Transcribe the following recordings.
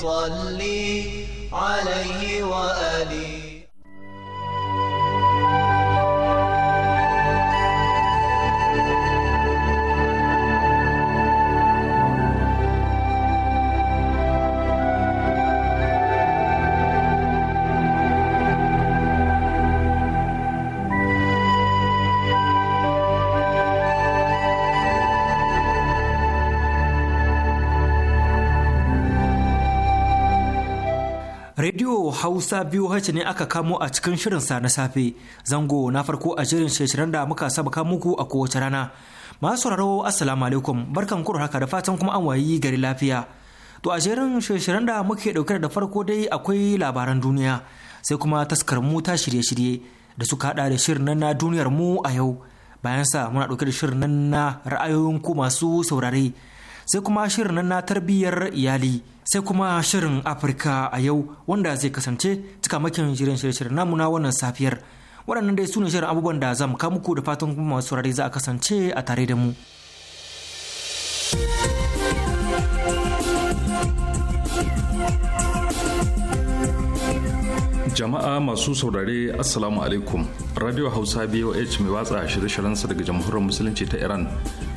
صلي عليه وآله Hausa biyu hace ne aka kamo a cikin shirinsa na safe. Zango na farko a shirin shirin da muka saba muku a kowace rana. Masu sauraro Assalamu alaikum barkan kuro haka da fatan kuma an wayi gari lafiya. To a jerin shirin da muke ɗauke da farko dai akwai labaran duniya sai kuma taskar mu ta shirye-shirye da suka hada da shirin nan na duniyar mu a yau. Bayansa muna ɗauke da shirin nan na ra'ayoyin ku masu saurare. sai kuma shirin na tarbiyyar iyali sai kuma shirin afirka a yau wanda zai kasance cikamakin shirin shirye-shiryen namu na wannan safiyar waɗannan dai su ne shirin abubuwan da za mu kawo muku da fatan kuma masu saurare za a kasance a tare da mu jama'a masu saurare assalamu alaikum radio hausa boh mai watsa shirye-shiryensa daga jamhuriyar musulunci ta iran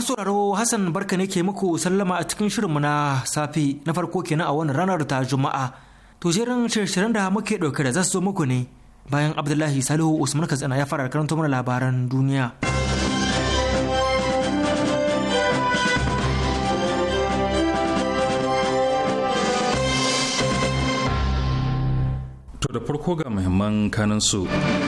Masu sauraro Hassan barka ne ke muku sallama a cikin shirinmu na safe na farko kenan a wani ranar ta Juma'a. To jerin shirin da muke ɗauke da zasu zo muku ne bayan Abdullahi Salihu Usman Katsina ya fara karanta mana labaran duniya. To da farko ga muhimman kanansu. su.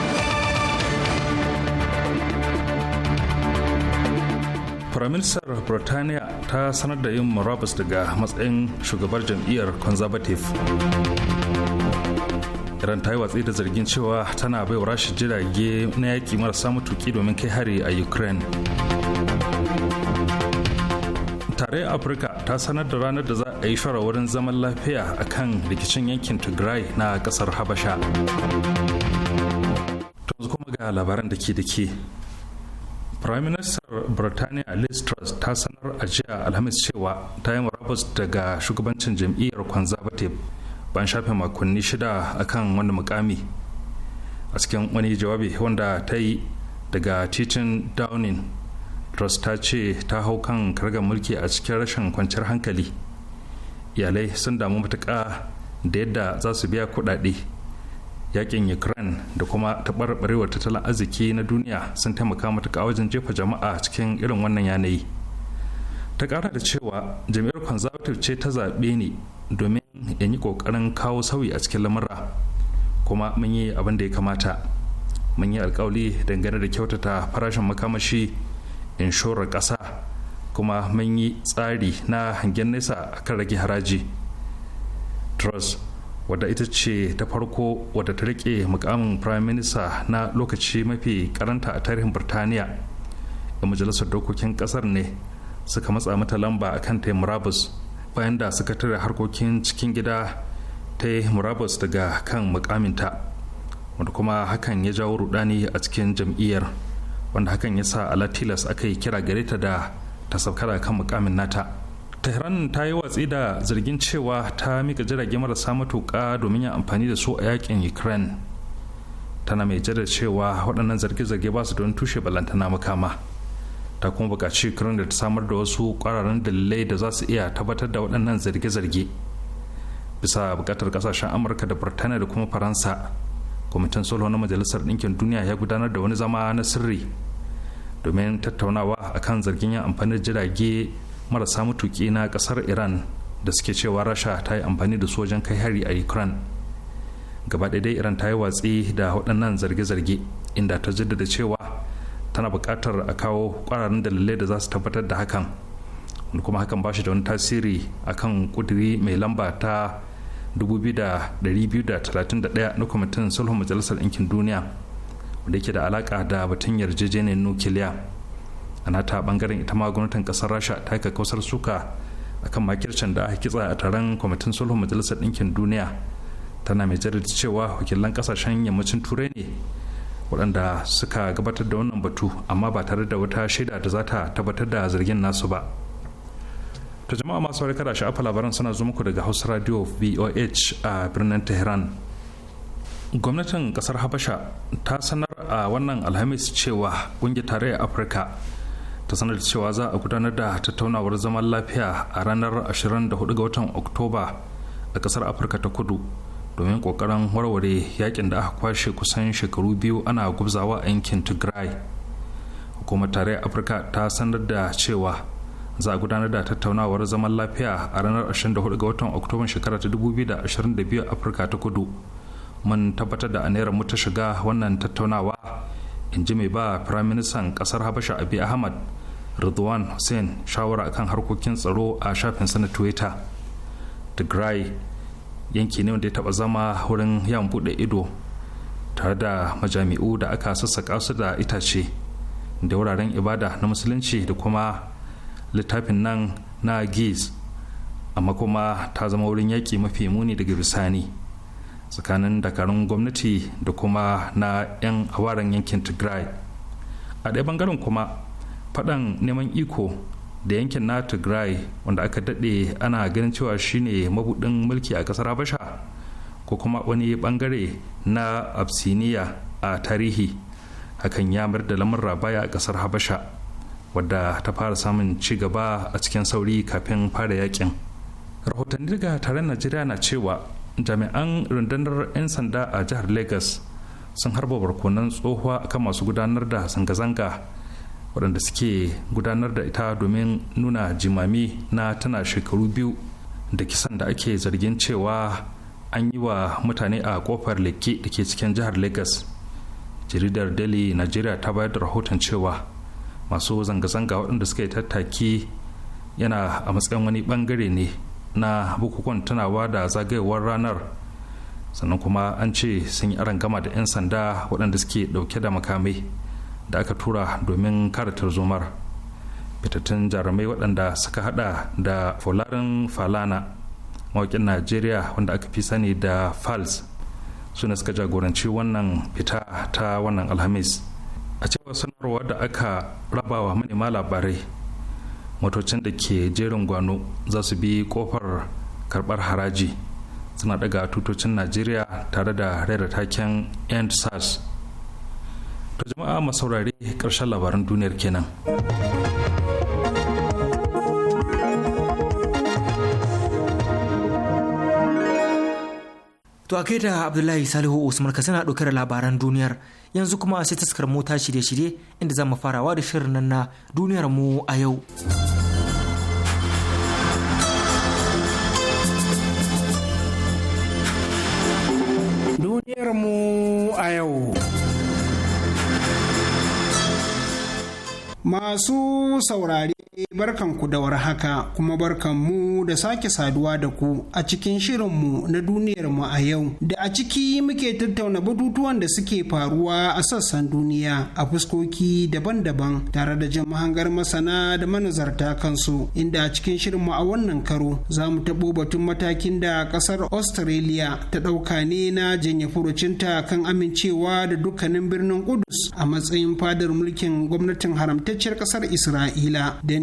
Ministar Burtaniya ta sanar da yin murabus daga matsayin shugabar jam'iyyar conservative iran ta yi watsi da zargin cewa tana bai wa rashin jirage na yaƙi marasa matuƙi domin kai hari a ukraine tare afirka ta sanar da ranar da za a yi shawarwarin zaman lafiya a kan rikicin yankin tigray na ƙasar habasha to kuma ga labaran da ke da ke prime minister birtaniya liz truss ta sanar a jiya alhamis cewa ta yi murabus daga shugabancin jam'iyyar conservative ban shafe makonni shida akan wani mukami a cikin wani jawabi wanda ta yi daga titin downing truss ta ce ta hau kan kargar mulki a cikin rashin kwanciyar hankali iyalai sun damu matuƙa da yadda za su biya kuɗaɗe yakin ukraine da kuma taɓarɓarewar tattalin arziki na duniya sun taimaka matuƙa wajen jefa jama'a cikin irin wannan yanayi ta ƙara da cewa jami'ar conservative ce ta zaɓe ne domin in yi ƙoƙarin kawo sauyi a cikin lamura kuma mun yi abin da ya kamata mun yi alkawali dangane da kyautata farashin makamashi inshorar ƙasa kuma mun yi tsari na hangen nesa akan rage haraji trust wadda ita ce ta farko wadda ta rike mukamin prime minister na lokaci mafi karanta a tarihin birtaniya da majalisar dokokin kasar ne suka matsa mata lamba a kan murabus bayan da suka tare harkokin cikin gida ta murabus daga kan mukaminta wanda kuma hakan ya jawo rudani a cikin jam'iyyar wanda hakan ya sa alatilas aka yi kira gare ta da ta sauka kan mukamin nata tehran ta yi watsi da zargin cewa ta mika jirage marasa matuka domin yin amfani da su a yakin ukraine tana mai jadar cewa waɗannan zarge-zarge ba su don tushe balantana makama ta kuma buƙaci ukraine da ta samar da wasu ƙwararren dalilai da za su iya tabbatar da waɗannan zarge-zarge bisa buƙatar ƙasashen amurka da burtaniya da kuma faransa kwamitin sulhu na majalisar ɗinkin duniya ya gudanar da wani zama na sirri domin tattaunawa akan zargin yin amfani da jirage marasa matuƙi na ƙasar iran da suke cewa rasha ta yi amfani da su wajen kai hari a ukraine gaba dai iran ta yi watsi da waɗannan zarge-zarge inda ta jaddada cewa tana buƙatar a kawo ƙwararrun dalilai da za su tabbatar da hakan wanda kuma hakan ba shi da wani tasiri akan kuduri mai lamba ta 2231 na kwamitin sulhun majalisar ɗinkin duniya wanda yake da alaƙa da batun yarjejeniyar nukiliya a nata bangaren ita ma gwamnatin kasar rasha ta yi kausar suka akan makircin da aka kitsa a taron kwamitin sulhun majalisar ɗinkin duniya tana mai jarida cewa wakilan kasashen yammacin turai ne waɗanda suka gabatar da wannan batu amma ba tare da wata shaida da za ta tabbatar da zargin nasu ba ta jama'a masu warkar da sha'afa labaran suna zo muku daga hausa radio voh a birnin tehran gwamnatin kasar habasha ta sanar a wannan alhamis cewa ƙungiyar tarayyar afirka ta sanar cewa za a gudanar da tattaunawar zaman lafiya a ranar 24 ga watan oktoba a kasar afirka ta kudu domin kokarin warware yakin da aka kwashe kusan shekaru biyu ana gubzawa a yankin tigray hukumar tarayyar afirka ta sanar da cewa za a gudanar da tattaunawar zaman lafiya a ranar 24 ga watan oktoba shekarar ta 2022 afirka ta kudu mun tabbatar da anera mu ta shiga wannan tattaunawa in ji mai ba firaministan kasar habasha abi ahmad ridwan hussein shawara kan harkokin tsaro a shafin na twitter tigray yanki ne wanda ya taba zama wurin yan bude ido tare da majami'u da aka sassaka su da itace da wuraren ibada na musulunci da kuma littafin nan na giz amma kuma ta zama wurin yaƙi mafi muni daga bisani tsakanin dakarun gwamnati da kuma na 'yan awaren yankin tigray a ɗaya bangaren kuma faɗan neman iko da yankin na tigray wanda aka daɗe ana ganin cewa shine mabuɗin mulki a ƙasar habasha ko kuma wani ɓangare na absiniya a tarihi hakan ya mayar da lamurra baya a ƙasar habasha wadda ta fara samun ci gaba a cikin sauri kafin fara yakin rahotanni daga taron najeriya na cewa jami'an rundunar 'yan sanda a jihar lagos sun harba barkonan tsohuwa akan masu gudanar da zanga-zanga waɗanda suke gudanar da ita domin nuna jimami na tana shekaru biyu da kisan da ake zargin cewa an yi wa mutane a kofar leke da ke cikin jihar lagos jaridar daily nigeria ta bayar da rahoton cewa masu zanga-zanga waɗanda suka yi tattaki yana a matsayin wani bangare ne na bukukuwan tunawa da zagayewar ranar sannan kuma an ce sun yi gama da 'yan sanda waɗanda suke ɗauke da makamai da aka tura domin karatar zomar fitattun jarumai waɗanda suka hada da folarin falana mawakin najeriya wanda aka fi sani da fals suna suka jagoranci wannan fita ta wannan alhamis a cewar sanarwa da aka rabawa manema labarai motocin da ke jerin gwano za su bi kofar karbar haraji suna daga tutocin najeriya tare da raira taken end sars To jama'a masaurare karshen labaran duniyar kenan. To a da Abdullahi Salihu Usman ka sana ɗauke da labaran duniyar yanzu kuma sai taskar mota shirye-shirye inda za mu farawa da shirin nan na duniyar mu a yau. Duniyar mu a yau. Masu saurare Eh, barkan ku da haka, kuma barkan mu da sake saduwa da ku a cikin shirin mu na duniyarmu a yau da a ciki muke tattauna batutuwan da suke faruwa a sassan duniya a fuskoki daban-daban tare da jin mahangar masana da manazarta kansu inda a cikin mu a wannan karo za mu taɓo batun matakin da ƙasar Australia ta ɗauka ne na janye furucinta kan amincewa da dukkanin birnin Kudus a matsayin fadar mulkin gwamnatin haramtacciyar ƙasar Isra'ila da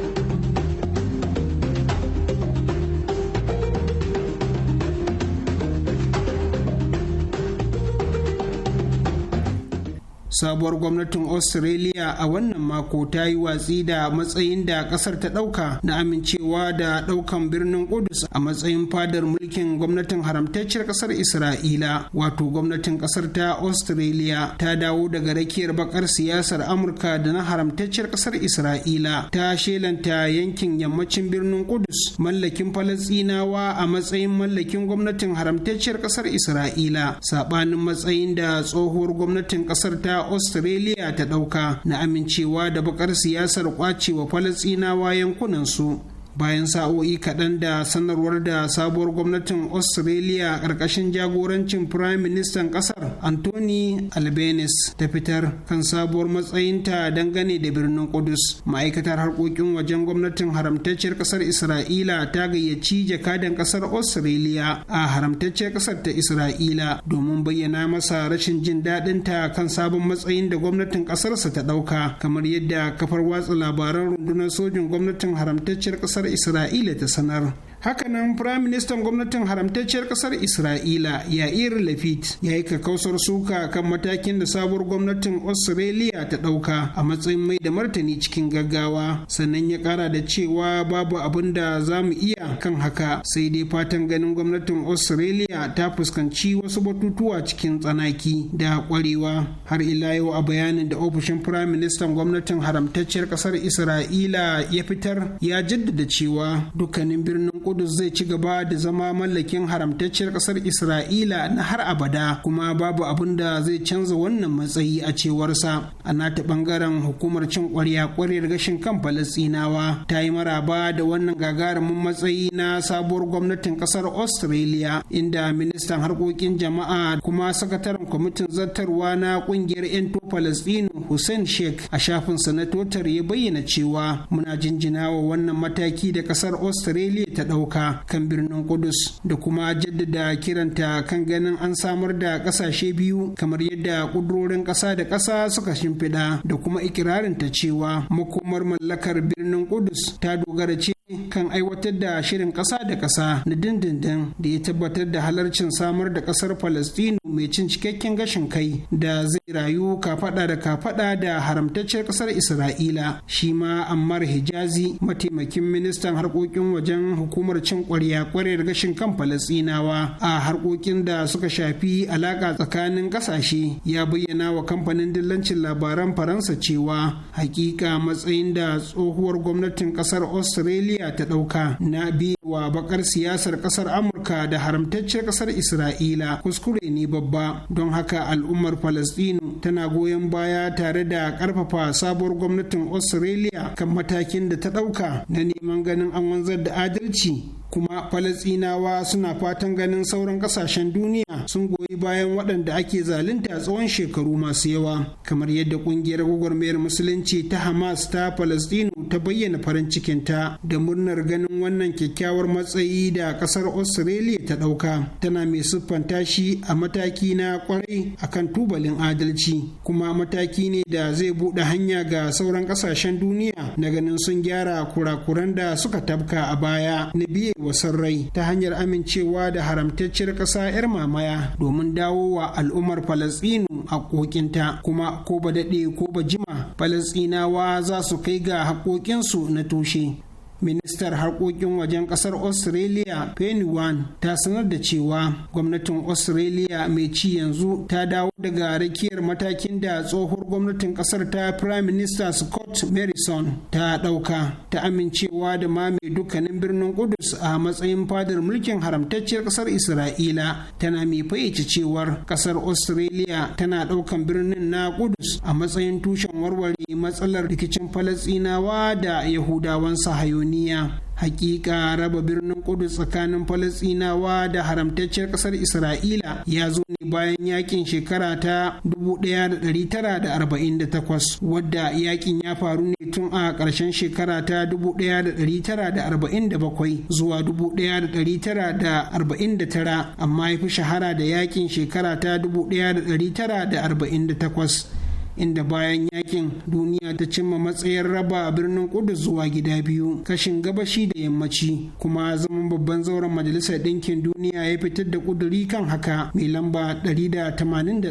sabuwar gwamnatin australia a wannan mako ta yi watsi da matsayin da kasar ta dauka na amincewa da daukan birnin kudus a matsayin fadar mulkin gwamnatin haramtacciyar kasar isra'ila wato gwamnatin kasar ta australia ta dawo daga rakiyar bakar siyasar amurka da na haramtacciyar kasar isra'ila ta shelanta yankin yammacin birnin kudus mallakin falastinawa a matsayin mallakin gwamnatin haramtacciyar kasar isra'ila sabanin matsayin da tsohuwar gwamnatin kasar ta australia ta ɗauka na amincewa da bakar siyasar kwacewa falasinawa yankunansu bayan sa'o'i kaɗan da sanarwar da sabuwar gwamnatin australia ƙarƙashin jagorancin prime ministan ƙasar anthony albanese ta fitar kan sabuwar matsayinta dangane da birnin kudus ma'aikatar harkokin wajen gwamnatin haramtacciyar ƙasar isra'ila ta gayyaci jakadan ƙasar australia a haramtacciyar ƙasar ta isra'ila domin bayyana masa rashin jin daɗinta kan sabon matsayin da gwamnatin ƙasarsa ta ɗauka kamar yadda kafar watsa labaran rundunar sojin gwamnatin haramtacciyar ƙasar ƙasar isra'ila ta sanar hakanan Firaministan gwamnatin haramtacciyar kasar isra'ila yair lafit ya yi kakausar suka kan matakin da sabuwar gwamnatin australia ta ɗauka a matsayin mai da martani cikin gaggawa sannan ya kara da cewa babu abin da za mu iya kan haka sai dai fatan ganin gwamnatin australia ta fuskanci wasu batutuwa cikin tsanaki da kwarewa har ila yau a bayanin da ofishin Firaministan gwamnatin haramtacciyar kasar isra'ila ya fitar ya jaddada cewa dukkanin birnin Kudus zai ci gaba da zama mallakin haramtacciyar ƙasar Isra'ila na har abada kuma babu abin da zai canza wannan matsayi a cewarsa. A nata ɓangaren hukumar cin ƙwarya ƙwaryar gashin kan Falasinawa ta yi maraba da wannan gagarumin matsayi na sabuwar gwamnatin ƙasar Australia inda ministan harkokin jama'a kuma sakataren kwamitin zartarwa na ƙungiyar 'yan Falasɗinu Hussein Sheikh a shafin sanatotar ya bayyana cewa muna jinjinawa wannan mataki da ƙasar Australia ta ɗau doka kan birnin Kudus da kuma jaddada kiranta kan ganin an samar da kasashe biyu kamar yadda ƙudurorin ƙasa da ƙasa suka shimfiɗa da kuma ikirarinta cewa makomar mallakar birnin Kudus ta dogara ce kan aiwatar da shirin ƙasa da ƙasa na dindindin da ya tabbatar da halarcin samar da ƙasar Falastinu mai cin cikakken gashin kai da zai rayu kafaɗa da kafaɗa da haramtacciyar ƙasar Isra'ila. Shi ma Ammar Hijazi mataimakin ministan harkokin wajen hukumar cin ƙwarya ƙwarar gashin kan Falastinawa a harkokin da suka shafi alaƙa tsakanin ƙasashe ya bayyana wa kamfanin dillancin labaran Faransa cewa hakika matsayin da tsohuwar gwamnatin ƙasar Australia saudiya ta ɗauka na wa bakar siyasar ƙasar amurka da haramtaccen ƙasar isra'ila kuskure ne babba don haka al'ummar falastinu tana goyon baya tare da ƙarfafa sabuwar gwamnatin australia kan matakin da ta ɗauka na neman ganin an wanzar da adalci kuma falasinawa suna fatan ganin sauran kasashen duniya sun goyi bayan waɗanda ake zalunta tsawon shekaru masu yawa kamar yadda ƙungiyar gwagwarmayar musulunci ta hamas ta Falasɗinu, ta bayyana farin cikinta da murnar ganin wannan kyakkyawar matsayi da ƙasar australia ta ɗauka tana mai siffanta shi a mataki na kwarai akan tubalin adalci kuma mataki ne da zai buɗe hanya ga sauran ƙasashen duniya na ganin sun gyara kurakuran da suka tabka a baya na biye wasan rai ta hanyar amincewa da haramtacciyar ƙasa 'yar mamaya domin dawo wa al'ummar falasɗinu haƙoƙinta kuma ko ba daɗe ko ba jima falasɗinawa za su kai ga haƙoƙinsu na tushe ministar harkokin wajen kasar australia penny wan ta sanar da cewa gwamnatin australia mai ci yanzu ta dawo daga rakiyar matakin da tsohuwar gwamnatin kasar ta prime minister scott morrison ta dauka ta amincewa da ma mai dukkanin birnin kudus a matsayin fadar mulkin haramtacciyar kasar isra'ila tana mai fayyace cewar kasar australia tana daukan birnin na kudus a matsayin tushen warware matsalar rikicin falasinawa da yahudawan sahayoni niya hakika raba birnin kudu tsakanin falasinawa da haramtacciyar kasar isra'ila ya zo ne bayan yakin shekara ta 1948 wadda yakin ya faru ne tun a ƙarshen shekara ta 1947 zuwa 1949 amma ya fi shahara da yakin shekara ta 1948 inda bayan yakin duniya ta cimma matsayin raba birnin Kudu zuwa gida biyu kashin gabashi da yammaci kuma zaman babban zauren majalisar ɗinkin duniya ya fitar da kuduri kan haka mai lamba 181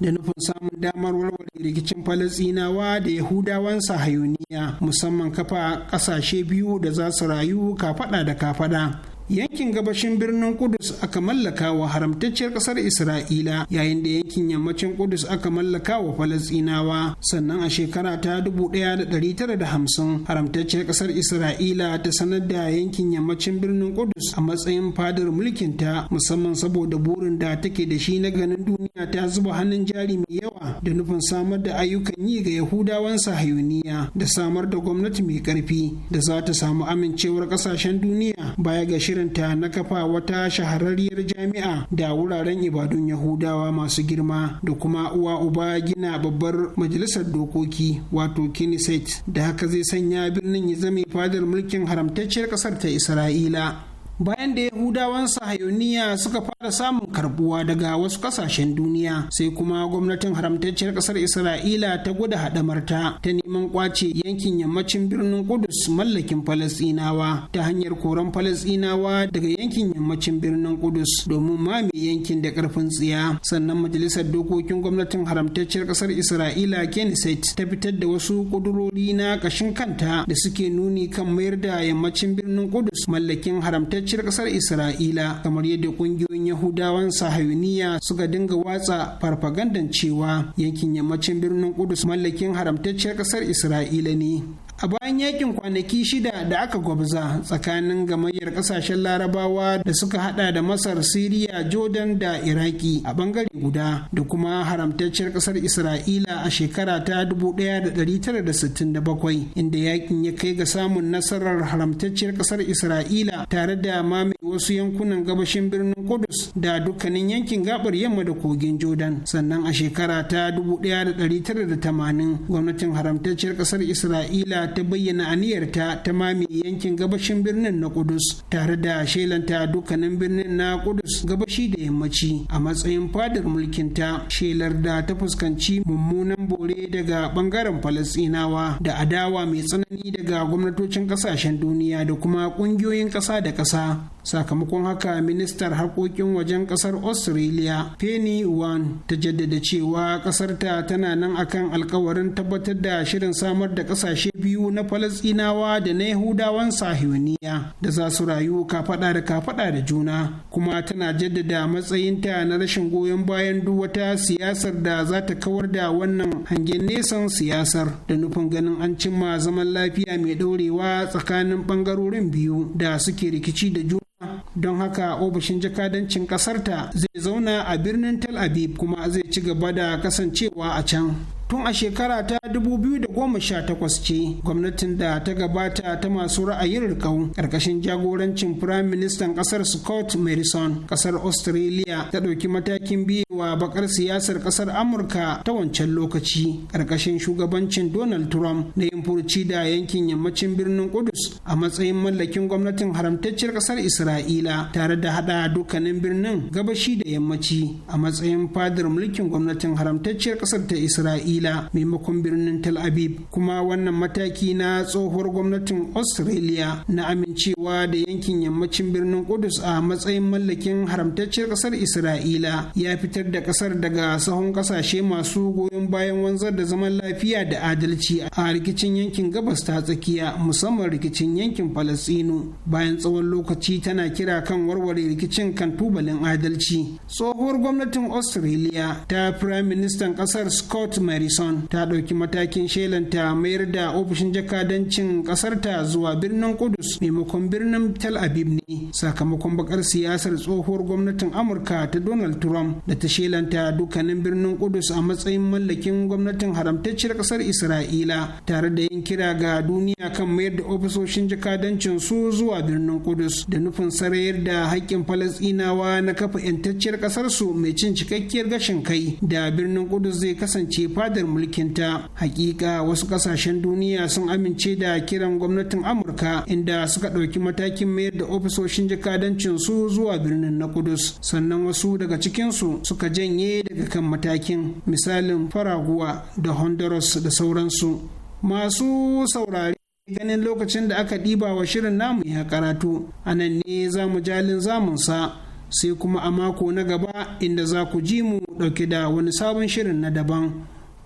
da nufin samun damar warware rikicin falasinawa da yahudawan sahayuniya musamman kafa ƙasashe biyu da za su rayu kafada da kafada yankin gabashin birnin kudus aka mallaka wa haramtacciyar kasar isra'ila yayin da yankin yammacin kudus aka mallaka wa falasinawa sannan a shekara ta 1950 haramtacciyar kasar isra'ila ta sanar da yankin yammacin birnin kudus a matsayin fadar mulkinta musamman saboda burin da take da shi na ganin duniya ta zuba hannun jari mai yawa da nufin samar da ayyukan yi ga yahudawan sahayuniya da samar da gwamnati mai karfi da za ta samu amincewar kasashen duniya baya ga shirin shirinta na kafa wata shahararriyar jami'a da wuraren ibadun yahudawa masu girma da kuma uwa uba gina babbar majalisar dokoki wato kiniset da haka zai sanya birnin ya zame fadar mulkin haramtacciyar ƙasar ta isra'ila bayan da yahudawan sahayoniya suka fara samun karbuwa daga wasu kasashen duniya sai kuma gwamnatin haramtacciyar kasar isra'ila ta gwada haɗamarta ta neman kwace yankin yammacin birnin kudus mallakin falasinawa ta hanyar koran falasinawa daga yankin yammacin birnin kudus domin mame yankin da karfin tsiya sannan majalisar dokokin gwamnatin haramtacciyar kasar isra'ila kenneth ta fitar da wasu kudurori na kashin kanta da suke nuni kan mayar da yammacin birnin kudus mallakin haramtacciyar haramtacciyar kasar isra'ila kamar yadda kungiyoyin yahudawan sahayuniya suka dinga watsa farfagandan cewa yankin yammacin birnin kudus mallakin haramtacciyar kasar isra'ila ne a bayan yakin kwanaki shida da aka gwabza tsakanin gamayyar kasashen larabawa da suka hada da masar siriya jordan da iraki a bangare guda da kuma haramtacciyar kasar isra'ila a shekara ta 1967 inda yakin ya kai ga samun nasarar haramtacciyar kasar isra'ila tare da mame wasu yankunan gabashin birnin kudus da dukkanin yankin gabar yamma da kogin jordan sannan a shekara ta 1980 gwamnatin haramtacciyar kasar isra'ila ta bayyana aniyarta ta mame yankin gabashin birnin na Kudus tare da shelanta dukkanin birnin na Kudus gabashi da yammaci a matsayin fadar mulkinta shelar da ta fuskanci mummunan bore daga bangaren Falasinawa da adawa mai tsanani daga gwamnatocin kasashen duniya da kuma kungiyoyin kasa da kasa sakamakon haka ministar harkokin wajen kasar australia penny wan ta jaddada cewa kasarta tana nan akan alkawarin tabbatar da shirin samar da kasashe biyu biyu na falasinawa da na yahudawan sahiwaniya da za su rayu kafaɗa da kafaɗa da juna kuma tana jaddada matsayinta na rashin goyon bayan duk wata siyasar da za ta kawar da wannan hangen nesan siyasar da nufin ganin an cimma zaman lafiya mai ɗorewa tsakanin bangarorin biyu da suke rikici da juna don haka ofishin jakadancin kasarta zai zauna a birnin tel aviv kuma zai ci gaba da kasancewa a can tun a shekara ta 2018 ce gwamnatin da ta gabata ta masu ra'ayin rikau ƙarƙashin jagorancin firayim ministan ƙasar scott morrison ƙasar australia ta ɗauki matakin biyewa bakar siyasar ƙasar amurka ta wancan lokaci ƙarƙashin shugabancin donald trump na yin furci da yankin yammacin birnin kudus a matsayin mallakin gwamnatin haramtacciyar ƙasar isra'ila tare da haɗa dukkanin birnin gabashi da yammaci a matsayin fadar mulkin gwamnatin haramtacciyar ƙasar ta isra'ila isra'ila maimakon birnin tel aviv kuma wannan mataki na tsohuwar gwamnatin australia na amincewa da yankin yammacin birnin kudus a matsayin mallakin haramtacciyar kasar isra'ila ya fitar da kasar daga sahun kasashe masu goyon bayan wanzar da zaman lafiya da adalci a rikicin yankin gabas ta tsakiya musamman rikicin yankin falasino bayan tsawon lokaci tana kira kan warware rikicin kan tubalin adalci tsohuwar gwamnatin australia ta prime ministan kasar scott mary khorasan ta ɗauki matakin shelanta mayar da ofishin jakadancin ƙasarta zuwa birnin kudus maimakon birnin tel aviv ne sakamakon bakar siyasar tsohuwar gwamnatin amurka ta donald trump da ta shelanta dukkanin birnin kudus a matsayin mallakin gwamnatin haramtacciyar kasar isra'ila tare da yin kira ga duniya kan mayar da ofisoshin jakadancin su zuwa birnin kudus da nufin sarayar da haƙƙin falasɗinawa na kafa 'yantacciyar ƙasarsu mai cin cikakkiyar gashin kai da birnin kudus zai kasance fadar gadar mulkinta hakika wasu kasashen duniya sun amince da kiran gwamnatin amurka inda suka ɗauki matakin mayar da ofisoshin jakadancin su zuwa birnin na kudus sannan wasu daga cikinsu suka janye daga kan matakin misalin faraguwa da honduras da sauransu masu saurari ganin lokacin da aka ɗiba wa shirin namu ya karatu a nan ne za mu jalin zamunsa sai kuma a mako na gaba inda za ku ji mu ɗauke da wani sabon shirin na daban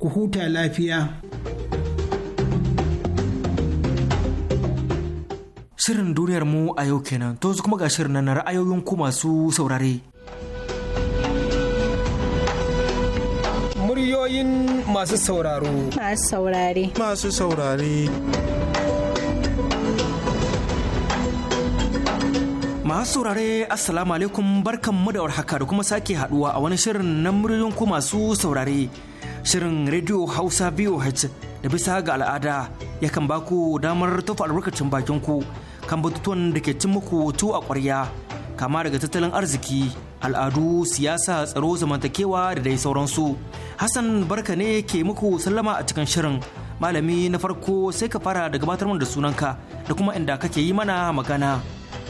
ku huta lafiya. Shirin duniyar mu a yau kenan, to kuma ga shirin na ra'ayoyin ku masu saurare. Muryoyin masu sauraro. Masu saurare. Masu saurare. Masu saurare Assalamu alaikum barkan mu da warhaka da kuma sake haduwa a wani shirin na muryoyin ku masu saurare. shirin rediyo hausa voh da bisa ga al'ada ya yakan baku damar tafi albarkacin bakin ku kan batutuwan da ke cin muku tu a ƙwarya kama daga tattalin arziki al'adu siyasa tsaro zamantakewa da dai sauransu hassan barka ne ke muku sallama a cikin shirin malami na farko sai ka fara da gabatar da sunanka da kuma inda kake yi mana magana.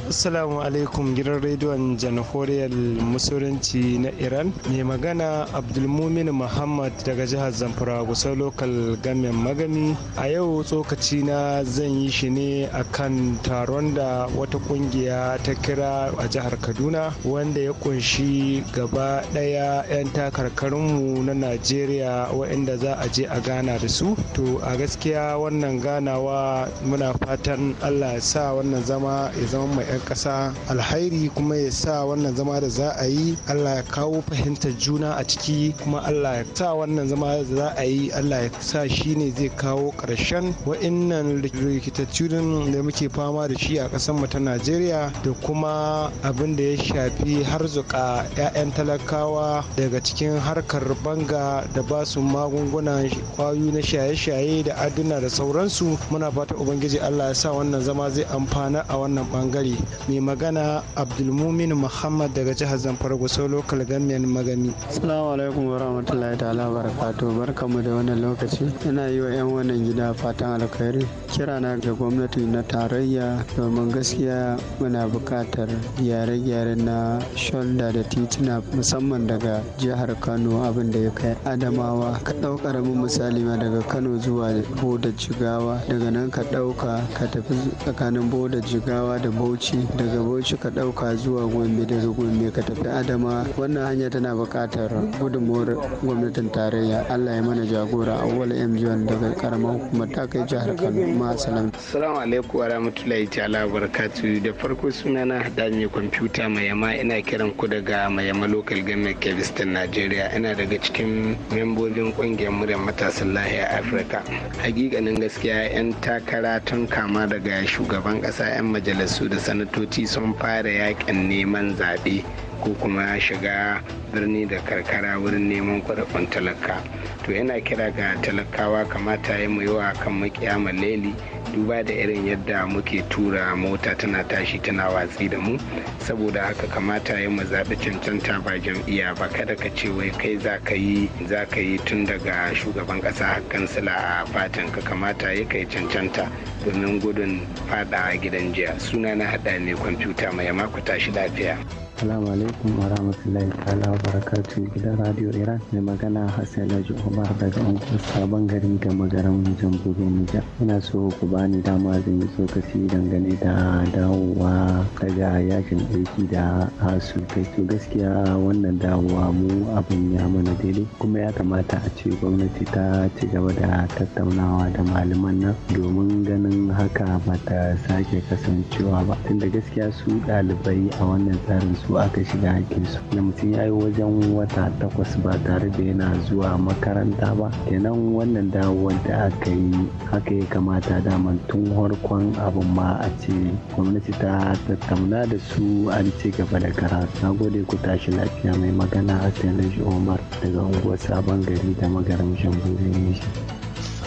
Asalamu alaikum gidan rediyon janahoriyar musulunci na Iran. Mai magana Abdulmumin Muhammad daga jihar Zamfara gusa lokal gamin magani. A yau tsokaci na zan yi shi ne kan taron da wata kungiya ta kira a jihar Kaduna wanda ya kunshi gaba ɗaya 'yan takarkarinmu na Najeriya waɗanda za a je a gana da su. To a gaskiya wannan ganawa muna fatan Allah ya sa wannan zama ya zama mai 'yan ƙasa alhairi kuma ya sa wannan zama da za a yi allah ya kawo fahimtar juna a ciki kuma allah ya sa wannan zama da za a yi allah ya sa shi ne zai kawo ƙarshen wa'innan rikitattun da muke fama da shi a ƙasar mu ta najeriya da kuma abin da ya shafi harzuka 'ya'yan talakawa daga cikin harkar banga da basu magunguna kwayoyi na shaye-shaye da aduna da sauransu muna fata ubangiji allah ya sa wannan zama zai amfana a wannan bangare mai magana abdulmumin muhammad daga jihar zamfara gusau lokal gamiyan magani salamu alaikum wa rahmatullahi ala barakatu mu da wannan lokaci ina yi wa 'yan wannan gida fatan alkhairi kira na ga gwamnati na tarayya domin gaskiya muna buƙatar gyare-gyare na sholda da titina musamman daga jihar kano abin da ya kai adamawa ka ɗau ƙaramin misali ma daga kano zuwa boda jigawa daga nan ka ɗauka ka tafi tsakanin boda jigawa da bauchi shi daga bauchi ka ɗauka zuwa gombe daga gombe ka tafi adama wannan hanya tana buƙatar gudunmuwar gwamnatin tarayya allah ya mana jagora a wala mjn daga karamar hukumar ta kai jihar kano ma salam salamu alaikum wa rahmatullahi ta'ala barakatu da farko sunana da mai kwamfuta mayama ina kiran ku daga mayama local government kebistan najeriya ina daga cikin membobin ƙungiyar murya matasan lahiyar afirka hakikanin gaskiya yan takara tun kama daga shugaban kasa yan majalisu da sanar gwamnatoci sun fara yaƙin neman zaɓe ko kuma ya shiga birni da karkara wurin neman kuɗaɗen talaka to yana kira ga talakawa kamata ya mu yawa kan makiya maleli duba da irin yadda muke tura mota tana tashi tana watsi da mu saboda haka kamata ya mu zaɓi cancanta ba jam'iyya ba kada ka ce wai kai za ka yi za ka yi tun daga shugaban ƙasa har kansila a fatan ka kamata ya kai cancanta domin gudun fada gidan jiya suna na haɗa ne kwamfuta mai makuta tashi lafiya. Assalamu alaikum wa rahmatullahi ta'ala wa barakatu gidan Radio Iran mai magana Hassan Laji Umar daga unguwar Sabon Gari ga Magaran Jamhuriyar Nijar. Ina so ku bani dama zan yi tsokaci dangane da dawowa daga yakin aiki da asu kai to gaskiya wannan dawowa mu abin ya mana daidai kuma ya kamata a ce gwamnati ta ci gaba da tattaunawa da malaman nan domin ganin haka ba ta sake kasancewa ba tunda gaskiya su ɗalibai a wannan tsarin su su aka shiga su da mutum ya yi wajen wata takwas ba tare da yana zuwa makaranta ba kenan wannan dawowar da aka yi haka ya kamata daman tun harkon abin ma a ce gwamnati ta tattauna da su an ci gaba da karatu na gode ku tashi lafiya mai magana a laji omar daga unguwar sabon gari da magaram shambu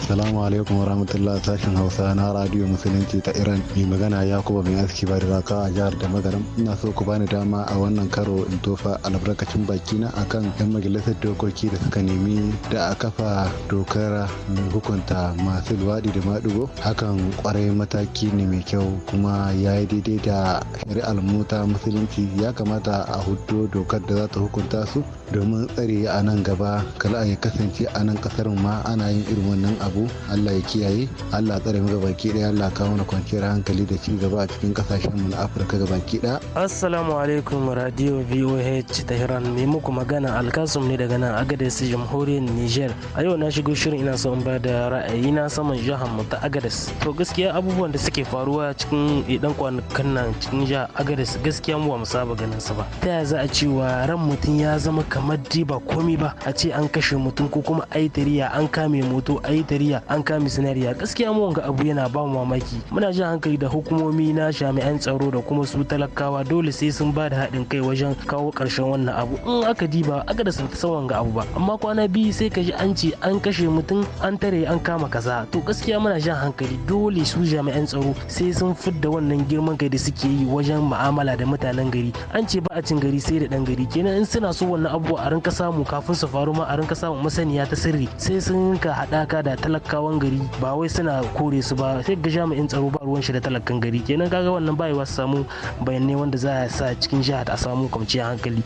Assalamu alaikum warahmatullahi sashen Hausa na Radio Musulunci ta Iran. Mai magana Yakuba mai aski ba da raka a jihar da magaram. Ina so ku bani dama a wannan karo in tofa albarkacin bakina akan yan majalisar dokoki da suka nemi da a kafa dokar hukunta masu luwaɗi da maɗigo. Hakan kwarai mataki ne mai kyau kuma ya yi daidai da shari'ar mota musulunci ya kamata a hudo dokar da za ta hukunta su domin tsare a nan gaba kala ya kasance a nan kasar ma ana yin irin wannan abu abu allah ya kiyaye allah tsare mu gabaki daya allah kawo mana kwanciyar hankali da ci gaba a cikin kasashen mu na afirka gabaki daya assalamu alaikum radio voh tehran mai muku magana alkasum ne daga nan agadez jamhuriyar niger a yau na shigo shirin ina son ba da ra'ayi na saman jihar mu ta agadez to gaskiya abubuwan da suke faruwa cikin idan kwanakan nan cikin jihar agadez gaskiya mu ba mu saba ganin su ba ta yaya za a cewa ran mutum ya zama kamar diba komi ba a ce an kashe mutum ko kuma aitariya an kame moto aitari najeriya an kame sinariya gaskiya mu wanga abu yana ba mu mamaki muna jin hankali da hukumomi na jami'an tsaro da kuma su talakawa dole sai sun ba da haɗin kai wajen kawo ƙarshen wannan abu in aka diba aka da san ga abu ba amma kwana biyu sai ka ji an ce an kashe mutum an tare an kama kaza to gaskiya muna jin hankali dole su jami'an tsaro sai sun fidda wannan girman kai da suke yi wajen mu'amala da mutanen gari an ce ba a cin gari sai da dan gari kenan in suna so wannan abu a rinka samu kafin su faru ma a rinka samu masaniya ta sirri sai sun ka haɗaka da talaka talakawan gari ba wai suna kore su ba sai ga jami'in tsaro ba ruwan shi da talakan gari kenan kaga wannan bai wasu samu bayanai wanda za a sa cikin jihar a samu kwanciyar hankali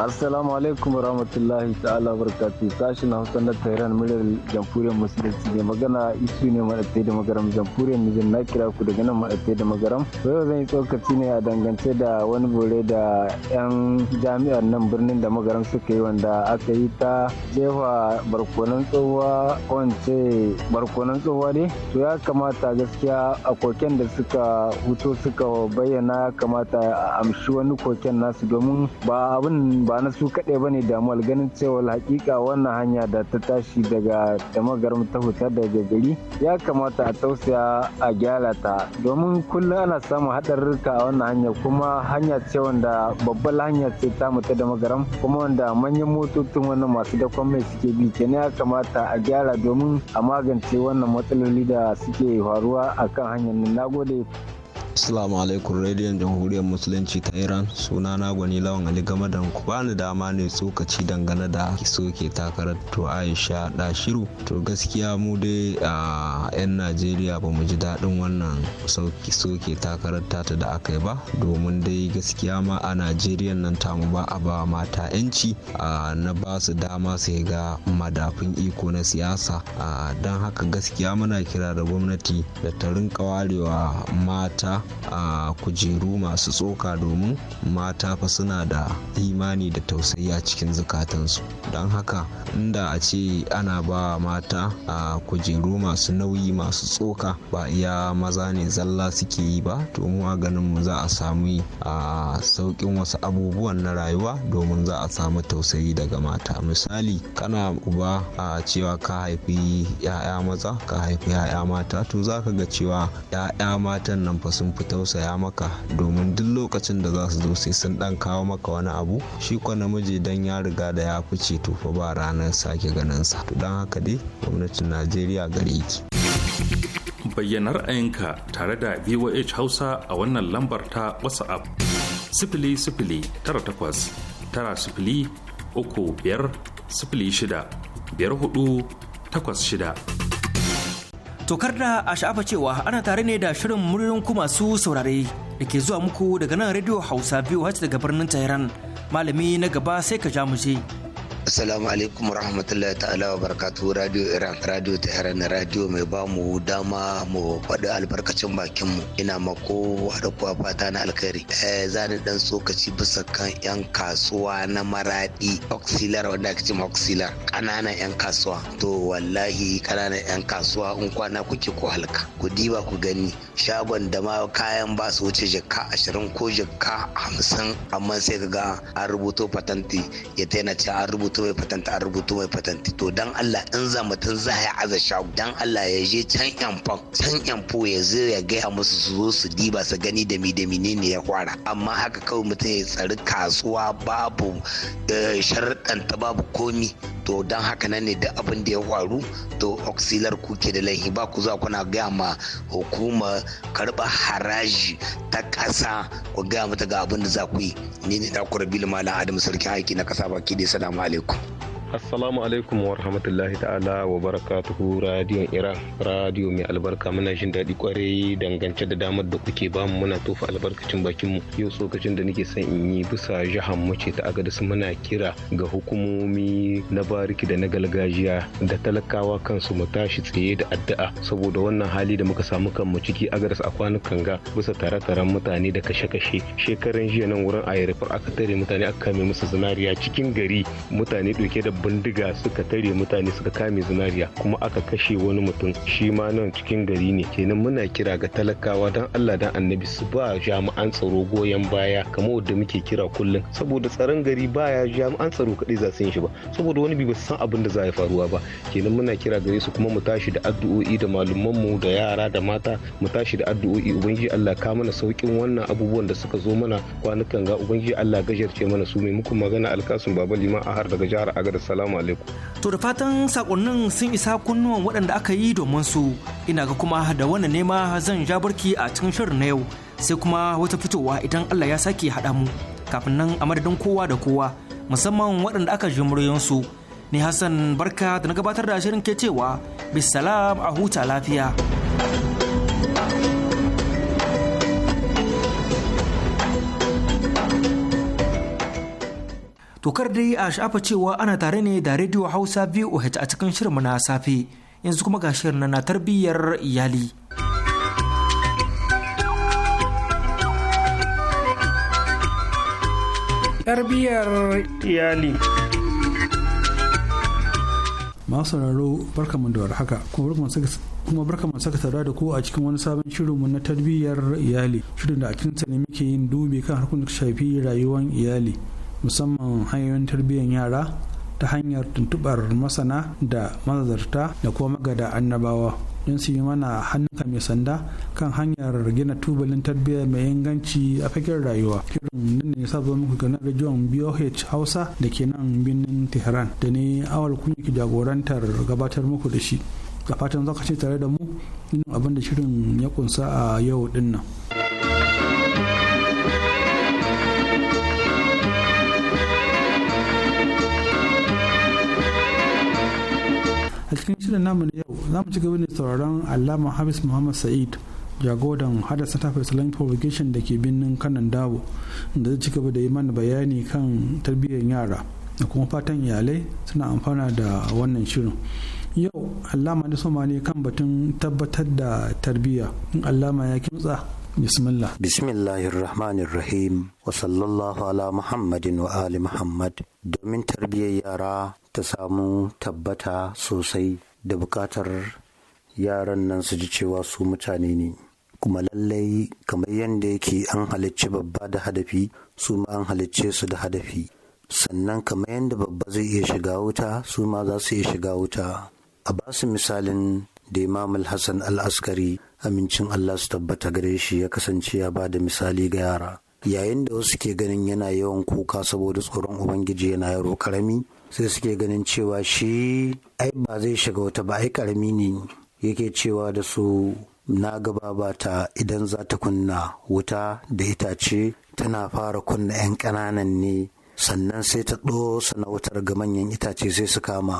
assalamu alaikum rahmatullahi ta'ala barkatu sashen hausa na ta'iran muryar jamhuriyar musulunci ne magana isu ne maɗaɗe da magaram jamhuriyar nijar na kira ku daga nan maɗaɗe da magaram yau zan yi tsokaci ne a dangance da wani bore da yan jami'ar nan birnin da magaram suka yi wanda aka yi ta jefa barkonan tsohuwa wance barkonan tsohuwa ne to ya kamata gaskiya a koken da suka huto suka bayyana ya kamata a amshi wani koken nasu domin ba abin ba na su kaɗai ba ne damuwar ganin cewa hakika wannan hanya da ta tashi daga damagaram ta fita daga gari ya kamata a tausaya a gyara ta domin kullum ana samun haɗarurruka a wannan hanya kuma hanya ce wanda babbar hanya ce ta mutu da magaram kuma wanda manyan motocin wannan masu dakon mai suke bi kenan ya kamata a gyara domin a magance wannan matsaloli da suke faruwa akan hanyar nan nagode Assalamu alaikum radiyon jamhuriyar musulunci ta Iran suna na gwani lawan Ali Gamadan ku bani dama ne tsokaci dangane da soke takarar to Aisha Dashiru to gaskiya mu dai a 'yan Najeriya ba mu ji daɗin wannan soke takarar tata da aka yi ba domin dai gaskiya ma a Najeriya nan tamu ba a ba mata 'yanci na ba su dama su ga madafin iko na siyasa don haka gaskiya muna kira da gwamnati da ta rinka warewa mata a kujeru masu tsoka domin mata fa suna da imani da tausayi a cikin zukatansu don haka inda a ce ana ba mata a kujeru masu nauyi masu tsoka ba iya maza ne zalla suke yi ba to mu a ganin mu za a samu a saukin wasu abubuwan na rayuwa domin za a samu tausayi daga mata misali kana uba a cewa ka haifi 'ya'ya maza ka haifi 'ya'ya mata to za ka ga cewa 'ya'ya matan nan fa sun fi tausaya maka domin duk lokacin da za su zo sai sun dan kawo maka wani abu shi kwa namiji dan ya riga da ya fice to fa ba ranar sake ganin to dan haka dai gwamnatin Najeriya gare ki bayyana ra'ayinka tare da VOH Hausa a wannan lambar ta WhatsApp sifili sifili tara takwas tara sifili uku biyar sifili shida biyar hudu takwas shida Tokar da a sha'afa cewa ana tare ne da shirin muryoyin ku masu saurare da ke zuwa muku daga nan Radio Hausa biyu har daga birnin Tehran. Malami na gaba sai ka ja mu je. Assalamu alaikum rahmatullahi ta'ala wa barakatuhu Radio Iran, Radio Tehran, Radio mai ba mu dama mu faɗi albarkacin bakin mu. Ina mako da kuwa fata na alkhairi. Eh zani dan sokaci bisa kan yan kasuwa na maradi auxiliar wanda ake cewa auxiliar kananan yan kasuwa. To wallahi kananan yan kasuwa in kwana kuke ko halka. Ku diba ku gani shagon da ma kayan ba su wuce jakka ashirin ko jakka hamsin amma sai ka ga an rubuto patanti ya taina ce an rubuta rubuta mai patent an rubuta mai patent to dan Allah in za zamatan za ya aza shago dan Allah ya je can fa can yanfo ya zo ya gaya musu su zo su diba su gani da mi da ne ya kwara amma haka kawai mutum ya tsari kasuwa babu eh, sharɗanta babu komi to don haka nan ne da abin da ya faru to auxiliar kuke da laihi ba ku za kuna gaya ma hukuma karɓa haraji ta ƙasa ku gaya mata ga abin da za ku yi ni ne ɗakwar bil malam adam sarki haiki na ƙasa baki da salamu alaikum Público. assalamu alaikum wa rahmatullahi ta'ala wa barakatuhu radiyon iran radiyo mai albarka muna jin daɗi kwarai dangance da damar da kuke bamu muna tofa albarkacin bakin mu yau sokacin da nake son in yi bisa jihar mace ta su muna kira ga hukumomi na bariki da na galgajiya da talakawa kansu mu tashi tsaye da addu'a saboda wannan hali da muka samu kan mu ciki su a kwanukan ga bisa tare-taren mutane da kashe-kashe shekaran jiya nan wurin a aka tare mutane aka kame musu zinariya cikin gari mutane ɗauke da bindiga suka tare mutane suka kame zinariya kuma aka kashe wani mutum shi ma nan cikin gari ne kenan muna kira ga talakawa don allah dan annabi su ba jami'an tsaro goyon baya kamar wadda muke kira kullum saboda tsaron gari baya jami'an tsaro kadai za su yi shi ba saboda wani bi ba san abin da za ya faruwa ba kenan muna kira gare su kuma mu tashi da addu'o'i da mu da yara da mata mu tashi da addu'o'i ubangiji allah ka mana saukin wannan abubuwan da suka zo mana kwanukan ga ubangiji allah gajarce mana su mai muku magana alkasun baba liman ahar daga jihar agadar Assalamu alaikum. To da fatan sakonnin sun isa kunnuwan waɗanda aka yi domin su ina ga kuma da wani nema zan ja barki a cikin shirin na yau sai kuma wata fitowa idan Allah ya sake haɗa mu kafin nan a madadin kowa da kowa musamman waɗanda aka ji su ni Hassan barka da na gabatar da shirin ke cewa bisalam a huta lafiya. tokar dai a sha'afa cewa ana tare ne da radio hausa voh a cikin shirinmu na safe yanzu kuma ga shirin na tarbiyyar iyali tarbiyyar iyali masu sauraro barkamu da warhaka kuma kuma barka mu saka tara da ku a cikin wani sabon mu na tarbiyyar iyali shirin da a cikin ne muke yin dubi kan harkokin shafi rayuwar iyali musamman hanyoyin tarbiyyar yara ta hanyar tuntubar masana da mazarta da kuma magada annabawa don su yi mana hannunka mai sanda kan hanyar gina tubalin tarbiyya mai inganci a fakin rayuwa kirin nan ne sabon muku ganin rajon boh hausa da ke nan birnin tehran da ne awal kunya ke jagorantar gabatar muku da shi ga fatan zaka ce tare da mu abin da shirin ya kunsa a yau dinnan. a cikin shirin namu na yau za mu ci gaba ne sauraron allama hafiz muhammad sa'id jagoran hada ta islamic provocation da ke birnin kanan dawo da zai ci gaba da yi mana bayani kan tarbiyyar yara da kuma fatan iyalai suna amfana da wannan shirin yau allama da soma ne kan batun tabbatar da tarbiyya in allama ya kimtsa bismillah rahim wa sallallahu ala muhammadin wa ali muhammad domin tarbiyyar yara ta samu tabbata sosai da bukatar yaran nan su ji cewa su mutane ne kuma lallai kamar yadda yake an halicci babba da hadafi su ma an halicce su da hadafi sannan kamar yadda babba zai iya shiga wuta su ma za su iya shiga wuta a ba su misalin da imam hassan al-askari amincin allah su tabbata gare shi ya kasance ya ba da misali ga yara yayin da wasu ke ganin yana yawan kuka saboda tsoron ubangiji yana yaro karami sai suke ganin cewa shi ai ba zai shiga wata ba ai karami ne yake cewa da su na gaba ba ta idan za ta kunna wuta da itace tana fara kunna 'yan ƙananan ne sannan sai ta ɗosa na wutar ga manyan itace sai su kama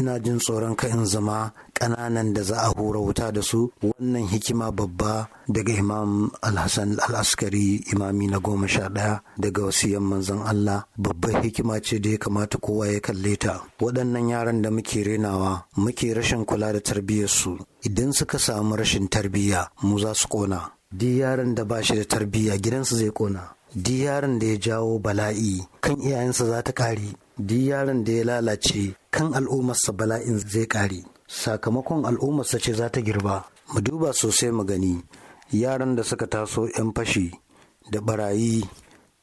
ina jin tsoron ka in zama ƙananan da za a hura wuta da su wannan hikima babba daga imam alhassan al'askari imami na goma sha ɗaya daga wasiyan manzon Allah babbar hikima ce da ya kamata kowa ya kalle ta waɗannan yaran da muke renawa muke rashin kula da tarbiyyarsu idan suka samu rashin tarbiyya mu za su ƙona duk yaran da ba shi da tarbiyya gidansu zai ƙona duk yaran da ya jawo bala'i kan iyayensa za ta ƙare duk yaron da ya lalace kan al'ummarsa bala'in zai ƙare sakamakon al'ummarsa ce za ta girba mu duba sosai mu gani yaran da suka taso 'yan fashi da barayi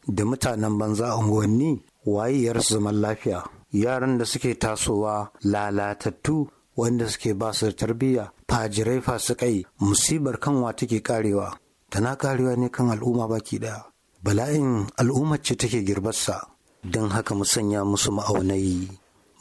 da mutanen banza a unguwanni wayiyar zaman lafiya yaran da suke tasowa lalatattu wanda suke ba su tarbiyya fajirai fasikai musibar kanwa take karewa tana karewa ne kan al'umma baki daya bala'in al'ummar ce take girbarsa don haka mu sanya musu ma'aunai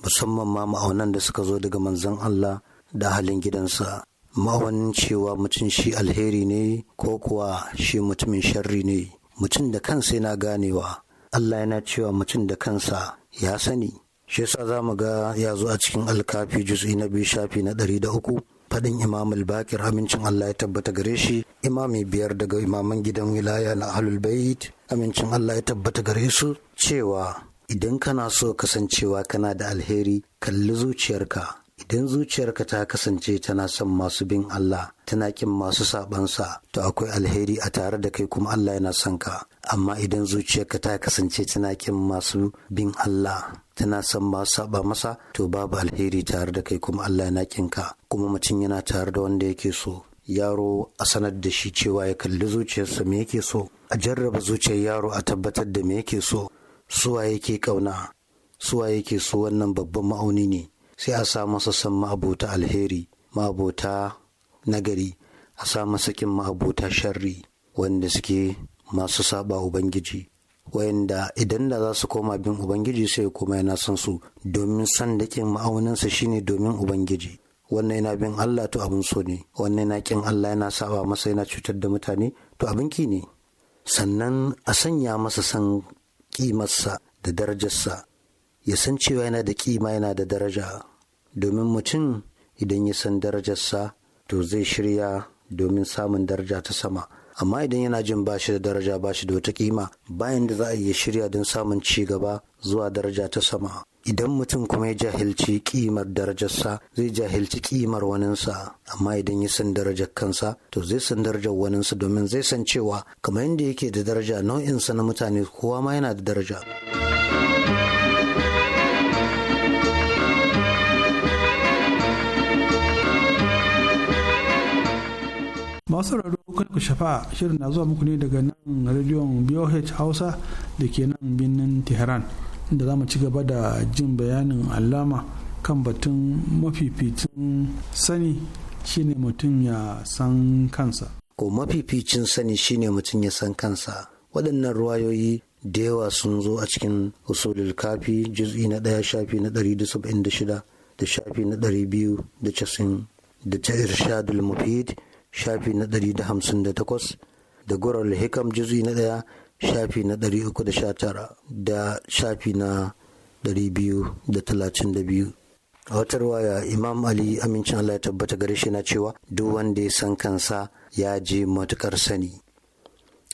musamman ma ma'aunan da suka zo daga manzon Allah da halin gidansa ma'aunin cewa mutum shi alheri ne ko kuwa shi mutumin sharri ne mutum da kansa yana ganewa Allah yana cewa mutum da kansa ya sani shi yasa za mu ga ya zo a cikin alkafi juz'i na biyu shafi na ɗari da uku faɗin imam al-bakir amincin Allah ya tabbata gare shi imami biyar daga imaman gidan wilaya na ahlul bait amincin Allah ya tabbata gare su cewa idan kana so kasancewa kana da alheri kalli zuciyarka idan zuciyarka ta kasance tana son masu bin Allah tana kin masu sabansa to akwai alheri a tare da kai kuma Allah yana son ka amma idan zuciyarka ta kasance tana kin masu bin Allah tana son masu saba masa to babu alheri tare da kai kuma Allah yana kin ka kuma mutum yana tare da wanda yake so yaro a sanar da shi cewa ya kalli zuciyarsa me yake so a jarraba zuciyar yaro a tabbatar da me yake so suwa yake kauna suwa yake so wannan babban ma'auni ne sai a sa masa san ma'abota alheri ma'abota nagari a sa masa kin ma'abota sharri wanda suke masu saba ubangiji wayanda idan da za su koma bin ubangiji sai kuma yana son su domin san da ma'auninsa shine domin ubangiji wannan yana bin Allah to abin so ne wannan yana kin Allah yana saba masa yana cutar da mutane to abin ki ne sannan a sanya masa san kimarsa da darajarsa ya san cewa yana da kima yana da daraja domin mutum idan ya san darajarsa to zai shirya domin samun daraja ta sama amma idan yana jin ba shi da daraja ba shi da wata kima bayan da za a iya shirya don samun ci gaba zuwa daraja ta sama idan mutum kuma ya jahilci kimar darajarsa zai jahilci kimar waninsa amma idan ya san darajar kansa to zai san darajar waninsa domin zai san cewa kamar yadda yake da daraja nau'insa na mutane kowa ma yana da daraja. masu raro kan ku shafa shirin na zuwa muku ne daga nan rediyon BOH Hausa da ke nan birnin Tehran. inda za mu ci gaba da jin bayanin allama kan batun mafificin sani shine mutum ya san kansa ko mafificin sani shine mutum ya san kansa waɗannan ruwayoyi da yawa sun zo a cikin usulul kafi juz'i na ɗaya shafi na ɗari da saba'in da shida da shafi na ɗari biyu da casin da ta irshadul mufid shafi na ɗari da hamsin da takwas da gurar hikam juz'i na ɗaya shafi na 319 da shafi na 232 a wata waya, imam ali amincin allah ya tabbata gare shi na cewa duk wanda ya san kansa ya je matukar sani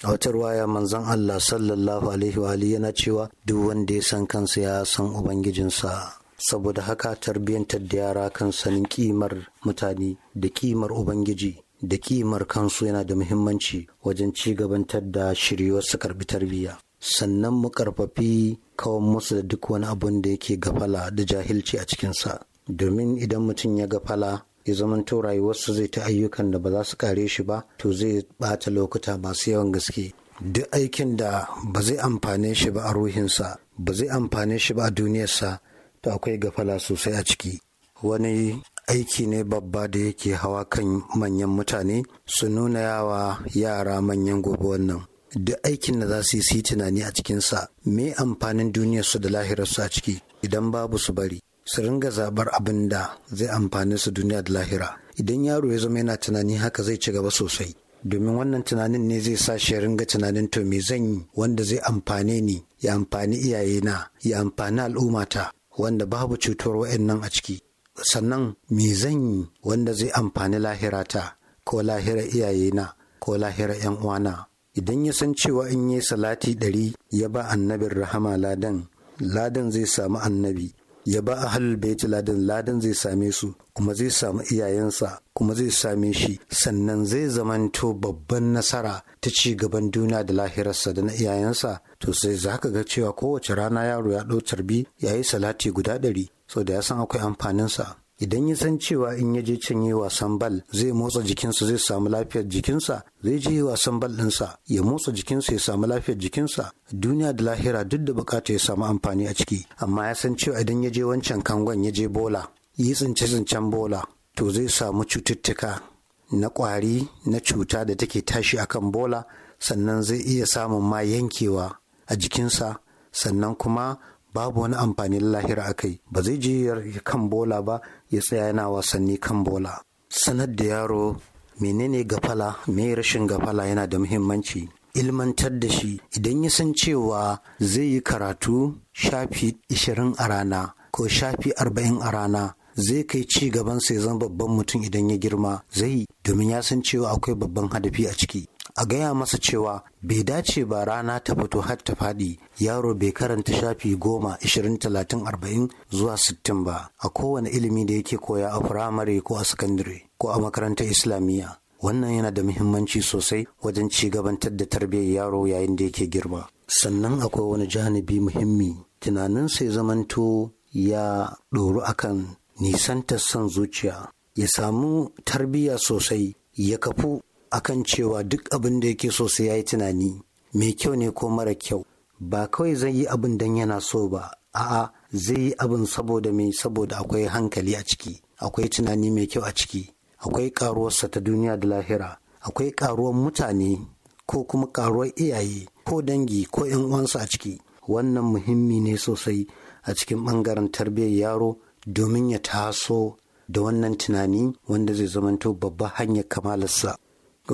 a watar waya, manzon allah sallallahu alaihi wa yana cewa duk wanda ya san kansa ya san ubangijinsa saboda haka tarbiyyantar da yara kan sanin kimar mutane da kimar ubangiji da kimar kansu yana da muhimmanci wajen ci gaban da shiryuwar su karbi tarbiyya sannan mu karfafi kawan musu da duk wani abun da yake gafala da jahilci a cikinsa domin idan mutum ya gafala ya zamanto rayuwarsa zai ta ayyukan da ba za su kare shi ba to zai bata lokuta masu yawan gaske duk aikin da ba zai amfane shi ba a ruhinsa ba zai amfane shi ba a duniyarsa to akwai gafala sosai a ciki wani aiki ne babba da yake hawa kan manyan mutane su nuna yawa yara manyan gobe wannan duk aikin da za su yi su yi tunani a cikinsa me amfanin duniyarsu da lahirarsu a ciki idan babu su bari su ringa zabar abin da zai amfani su duniya da lahira idan yaro ya zama yana tunani haka zai ci gaba sosai domin wannan tunanin ne zai sa shi ringa tunanin to me zan yi wanda zai amfane ni ya amfani iyayena ya amfani al'ummata wanda babu cutar wa'annan a ciki sannan me zan yi wanda zai amfani lahirata ko lahirar iyayena ko lahirar yan uwana idan ya san cewa in yi salati ɗari ya ba annabin rahama ladan ladan zai samu annabi ya ba a baiti ladan ladan zai same su kuma zai samu iyayensa kuma zai same shi sannan zai zamanto babban nasara ta ci gaban duniya da lahirarsa da na iyayensa to sai za ka ga cewa kowace rana yaro ya ɗau tarbi ya yi salati guda ɗari sau da ya san akwai amfaninsa idan ya san cewa in ya je can yi wasan bal zai motsa jikinsa zai samu lafiyar jikinsa zai je yi wasan bal ɗinsa ya motsa jikinsa ya samu lafiyar jikinsa duniya da lahira duk da bukata ya samu amfani a ciki amma ya san cewa idan ya je wancan kangon ya je bola yi tsince-tsincen bola to zai samu cututtuka na ƙwari na cuta da take tashi akan bola sannan zai iya samun ma yankewa a jikinsa sannan kuma babu wani amfanin lahira a kai ba zai je ya kan bola ba ya tsaya yana wasanni kan bola sanar da yaro menene gafala me rashin gafala yana da muhimmanci ilmantar da shi idan ya san cewa zai yi karatu shafi ishirin a rana ko shafi arba'in a rana zai kai ci gaban sai zan babban mutum idan ya girma zai domin ya san cewa akwai babban hadafi a ciki a gaya masa cewa bai dace ba rana ta fito har ta faɗi yaro bai karanta shafi goma ishirin talatin arba'in zuwa sittin ba a kowane ilimi da yake koya a firamare ko a sakandare ko a makarantar islamiyya wannan yana da muhimmanci sosai wajen ci gabantar da tarbiyyar yaro yayin da yake girma sannan akwai wani janibi muhimmi tunanin sai zamanto ya ɗoru akan nisantar son zuciya ya samu tarbiyya sosai ya kafu akan cewa duk abin da yake so sai ya yi tunani mai kyau ne ko mara kyau ba kawai zai yi abin don yana so ba a'a zai yi abin saboda mai saboda akwai hankali a ciki akwai tunani mai kyau a ciki akwai karuwarsa ta duniya da lahira akwai karuwar mutane ko kuma karuwar iyaye ko dangi ko yan uwansa a ciki wannan muhimmi ne sosai a cikin bangaren tarbiyyar yaro domin ya taso da wannan tunani wanda zai zamanto babban hanyar kamalarsa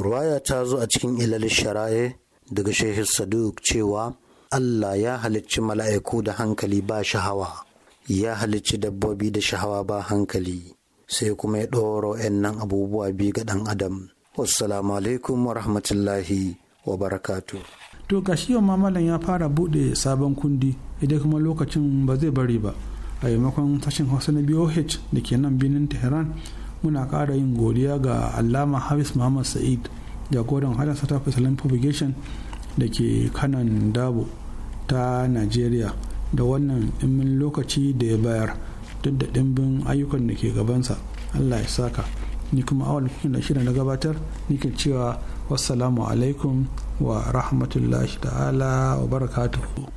ruwaya ta zo a cikin ilal sharaye daga shehu saduk cewa allah ya halicci mala'iku da hankali ba shahawa ya halicci dabbobi da shahawa ba hankali sai kuma ya ɗoro 'yan nan abubuwa biyu ga ɗan adam wassalamu alaikum wa rahmatullahi wa barakatu to ga shi yau mamalan ya fara buɗe sabon kundi idan kuma lokacin ba zai bari ba a maimakon sashen hausa na boh da ke nan birnin tehran muna ƙara yin godiya ga allama hafiz muhammad sa'id jagoran hadar south africa islamic propagation da ke kanan dabo ta nigeria da wannan ɗimbin lokaci da ya bayar duk da ɗimbin ayyukan da ke gabansa allah ya saka ni kuma awal kuma da shirin na gabatar ke cewa wassalamu alaikum wa rahmatullahi ta'ala wa barakatuhu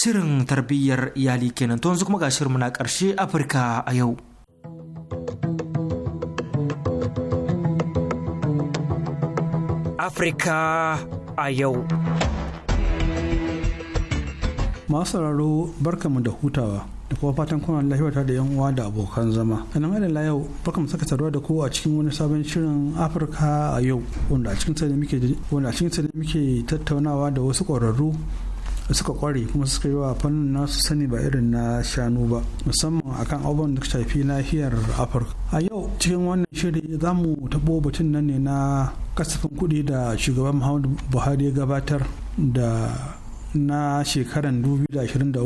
shirin tarbiyyar iyali kenan to yanzu kuma ga shirin muna karshe afirka a yau afirka a yau masu sauraro barkamu da hutawa da kuma fatan kuna lahiyarta da yan uwa da abokan zama sannan adala yau barkamu saka tsaro da ku a cikin wani sabon shirin afirka a yau wanda a cikin ne muke tattaunawa da wasu ƙwararru suka kware kuma suka yi wa fannin nasu sani ba irin na shanu ba musamman akan abubuwan da shafi nahiyar afirka a yau cikin wannan shiri za mu taɓo batun nan ne na kasafin kuɗi da shugaban muhammadu buhari ya gabatar da na shekaran 2023